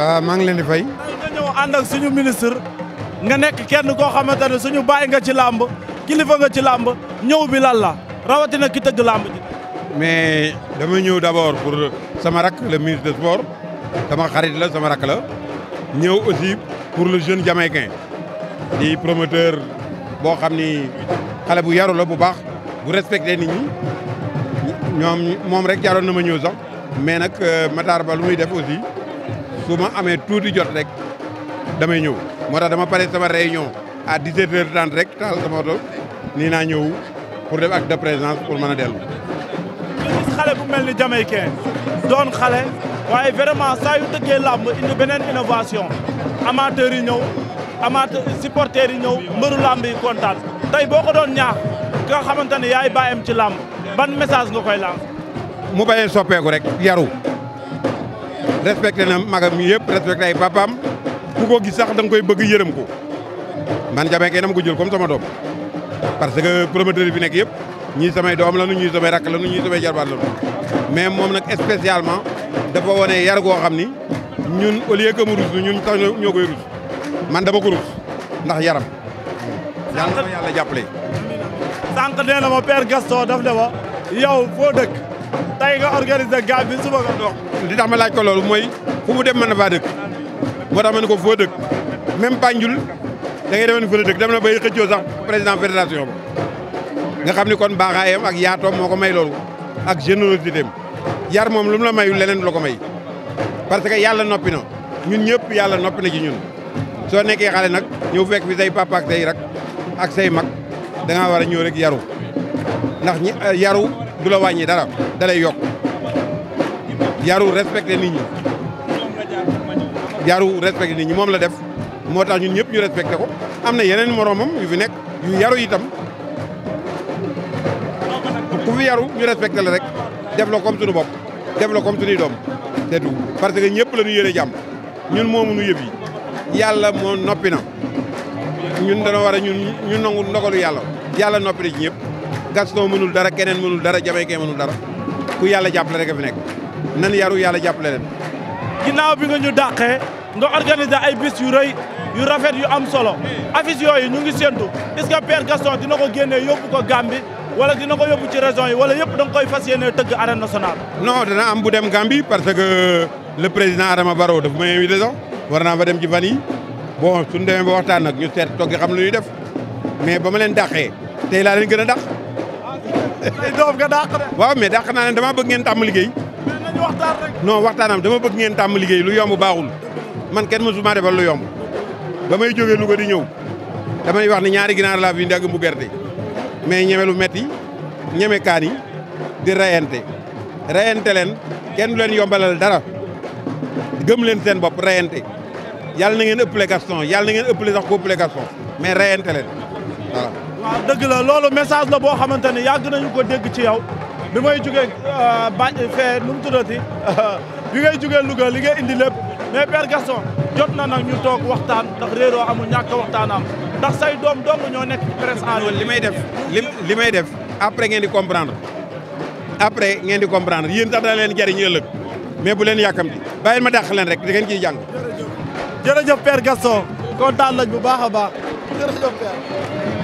ah maa ngi leen di fay. nga ñëw ànd ak suñu ministre nga nekk kenn koo xamante ne suñu bàyyi nga ci làmb kilifa nga ci làmb ñëw bi lan la rawatina ki tëgg làmb ji. mais dama ñëw d'abord pour sama rakk le ministre des sports sama xarit la sama rakk la ñëw aussi pour le jeune jamaïcain di promoteur boo xam ni xale bu yaru la bu baax bu respecté nit ñi ñoom moom rek jaroon na ma ñëw sax mais nag euh, Matar Ba lu muy def aussi. su ma amee tuuti jot rek damay ñëw moo tax dama pare sama réunion à 17h30 rek taal sama oto nii naa ñëw pour def acte de présence pour mën a dellu. gis xale bu mel ni jamaïcain doon xale waaye vraiment saa yu làmb indi beneen innovation amateurs yi ñëw amateur supporters yi ñëw mbëru làmb yi kontaan tey boo ko doon ñaax ki nga xamante ne yaay bàyyam ci làmb ban message nga koy làmb. mu bayee soppeeku rek yaru. respecté na magam yëpp respecté ay papaam ku ko sax da koy bëgg yërëm ko man Jamaïcain kay dama ko jël kom sama doom parce que promoteur bi nekk yëpp ñii samay doom la nu ñii samay rakk la nu ñii samay jarbaat la mais moom nag spécialement dafa wone yar goo xam ni ñun au lieu que mu rus ñun sax ñoo koy rus man dama ko rus ndax yaram. yàlla na ma yàlla jàppale. sànq daf ne ma yow foo dëkk. tey nga organiser gaal bi suba nga dox. li tax ma laaj ko loolu mooy fu mu dem mën na faa dëkk moo tax ma ne ko foo dëkk même Banjul da ngay demoon fële dëkk dem na bay xëccoo sax président fédération ba nga xam ni kon baaxaayam ak yaatoom moo ko may loolu ak générosité am yar moom lu mu la mayul leneen la ko may parce que yàlla noppi na ñun ñëpp yàlla noppi na ci ñun soo nekkee xale nag ñëw fekk fi say papa ak say rak ak say mag da war a ñëw rek yaru du la wàññi dara da lay yokk yaru respecté nit ñi yaru respecté nit ñi moom la def moo tax ñun ñëpp ñu respecté ko am na yeneen moroomam yu fi nekk yu yaru itam ku fi yaru ñu respecté la rek def la comme suñu bopp def la comme suñuy doom c'est parce que ñëpp la ñu yéene jàmm ñun moomu nu yëf yi yàlla moo noppi na ñun dañoo war a ñun ñu nangu ndogalu yàlla yàlla noppi na Gaston mënul dara keneen mënul dara Jamaïcain mënul dara ku yàlla jàppale rek a fi nekk nan yaru yàlla jàppale leen. ginnaaw bi nga ñu dàqee nga organiser ay bis yu rëy yu rafet yu am solo affiche yooyu ñu ngi séntu est-ce que Père Gaston dina ko génnee yóbbu ko Gambie wala dina ko yóbbu ci région yi wala yëpp da koy fas yéene tëgg arène nationale. non dana am bu dem Gambie parce que le président Adama Barrow daf ma invité sax war naa fa dem ci fan yi bon suñu demee lu ñuy def ma leen dàqee tey laa a dàq. ay doom nga waaw mais dàq naa ne dama bëgg ngeen tàmm noo waxtaan rek. waxtaanam dama bëgg ngeen tàmm liggéey lu yomb baaxul man kenn mësuma defal lu yomb ba may jógee Louga di ñëw damay wax ni ñaari ginaar laa fi indi ak mbu mais ñeme lu metti ñeme kaan di reyante reyante leen kenn leen yombalal dara gëm leen seen bopp reyante yàlla na ngeen ëppale Gaston yàlla ngeen ëppale sax ko ëppale Gaston mais reyante leen waaw dëgg la loolu message la boo xamante ne yàgg nañu ko dégg ci yow bi may jugee euh, ba fee nu mu tuddati bi ngay jugee Louga li nga indi lépp mais Père jot na nag ñu toog waxtaan ndax réeroo amul ñàkk waxtaan am ndax say doom dong ñoo nekk presse en li may def li may def après ngeen di comprendre après ngeen di comprendre yéen sax dana leen jariñ ëllëg mais bu leen yàkkamti bàyyi ma dàq leen rek da ngeen ciy jàng. jërëjëf jërëjëf Père Gaston kontaan lañ bu baax a baax